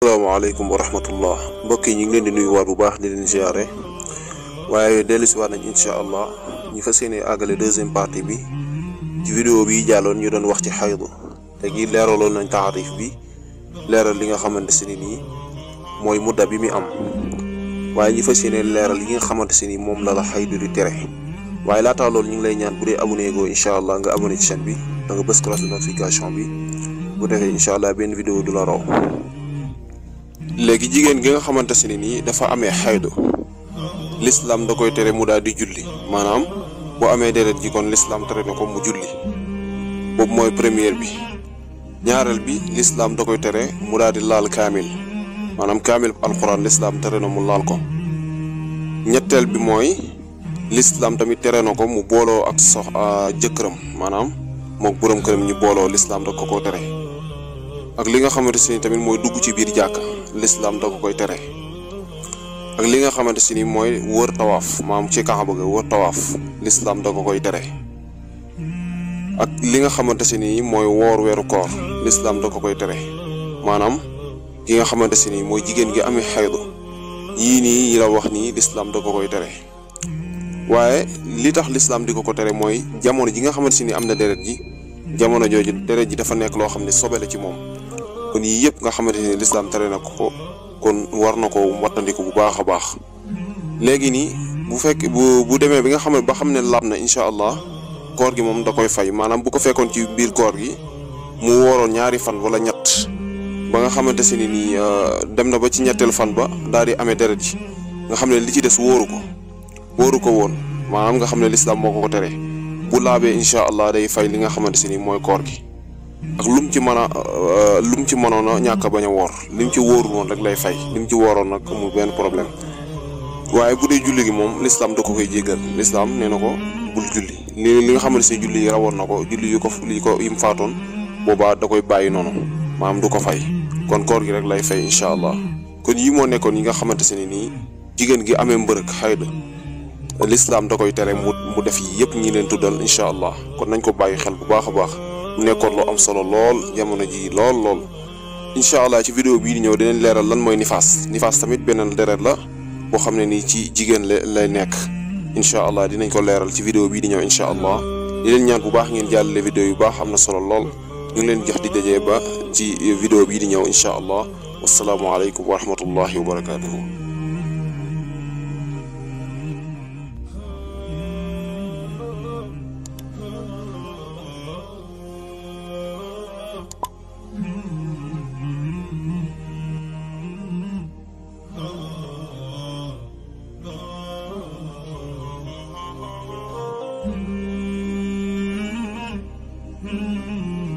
asalaamaaleykum wa rahmatullah mbokk yi ñu ngi di nuyu waat bu baax di leen ziare waaye dellusi waat nañ incha allah ñu fas yéene àggale deuxième partie bi ci vidéo bi jàlloon ñu doon wax ci xaydu te gi leeraloon nañ taarif bi leeral li nga xamante se ni nii mooy mudda bi mi am waaye ñu fas yéene leeral yi nga xamante se ni moom la la xaydu di tere waaye laataa loolu ñu ngi lay ñaan bu dee abonné goo incha allah nga abonné ci seen bi da nga bës cloche de notification bi bu defee incha allah benn vidéo du la raw léegi jigéen gi nga xamante si ne nii dafa amee xaydu lislaam da koy tere mu daal di julli maanaam boo amee deret ji kon lislaam tere na ko mu julli boobu mooy première bi ñaareel bi lislaam da koy tere mu daal di laal kaamil maanaam kaamil alquran lislaam tere na mu laal ko ñetteel bi mooy l'islam tamit tere na ko mu booloo ak sox a ah, jëkkëram maanaam mook boroom këram ñu booloo l'islam da ko ko tere ak li nga xamante si ni tamit mooy dugg ci biir jàkka l'islam da koy tere ak li nga xamante si ni mooy wër tawaaf maam ci kaaba ga wër tawaaf l'islam koy tere ak li nga xamante si ni mooy woor weeru koor l'islam da ko koy tere maanaam ki nga xamante si ni mooy jigéen gi amee xaydu yii nii yi la wax nii l'islam da koy tere waye li tax l'islam di ko téré moy jamono ji nga xamanteni ni dérèt ji jamono joju dérèt ji dafa nek lo xamni sobé sobe la ci mom kon yii yëpp nga xamanteni ni téré tere na ko kon war na ko bu baax baax légui ni bu fekk bu démé bi nga xamné ba xamné ne inshallah allah koor gi mom da koy fay manam bu ko fekkon ci biir koor gi mu woro ñaari fan wala ñatt ba nga xamanteni ni nii euh, dem na ba ci ñettel fan ba daal di amee ji nga xamné li ci dess wóoru ko woon maanaam nga xam ne lislaam moo ko ko tere bu laabee incha allah day fay li nga xamante si ni mooy koor gi ak lu ci mën a euh, lu mu ci mënoon ñàkk bañ a woor li mu ci wóoru woon rek lay fay li mu ci wooroon nag amul benn problème waaye bu dee julli gi moom lislaam da ko koy jéggal lislaam nee na ko bul julli li li nga xamante si julli yi rawoon na ko julli yu ko li ko yim faatoon boobaa da koy bàyyi noonu maanaam du ko fay kon koor gi rek lay fay incha allah kon yi moo nekkoon yi nga xamante si ni nii jigéen gi amee mbërëk xayda lislaam da koy tere mu mu def yi yëpp ñi leen tuddal incha allah kon nañ ko bàyyi xel bu baax a baax mu nekkoon lu am solo lool jamono ji lool lool incha allah ci vidéo bii di ñëw dinañ leeral lan mooy nifaas nifaas tamit beneen deret la boo xam ne nii ci jigéen la lay nekk incha allah dinañ ko leeral ci vidéo bii di ñëw incha allah di leen ñaan bu baax ngeen jàllale vidéo yu baax am na solo lool ñu leen jox di dajee ba ci vidéo bii di ñëw incha allah wasalaamualeykum wa rahmatullahi wa barakaatuhu Mm-hmm.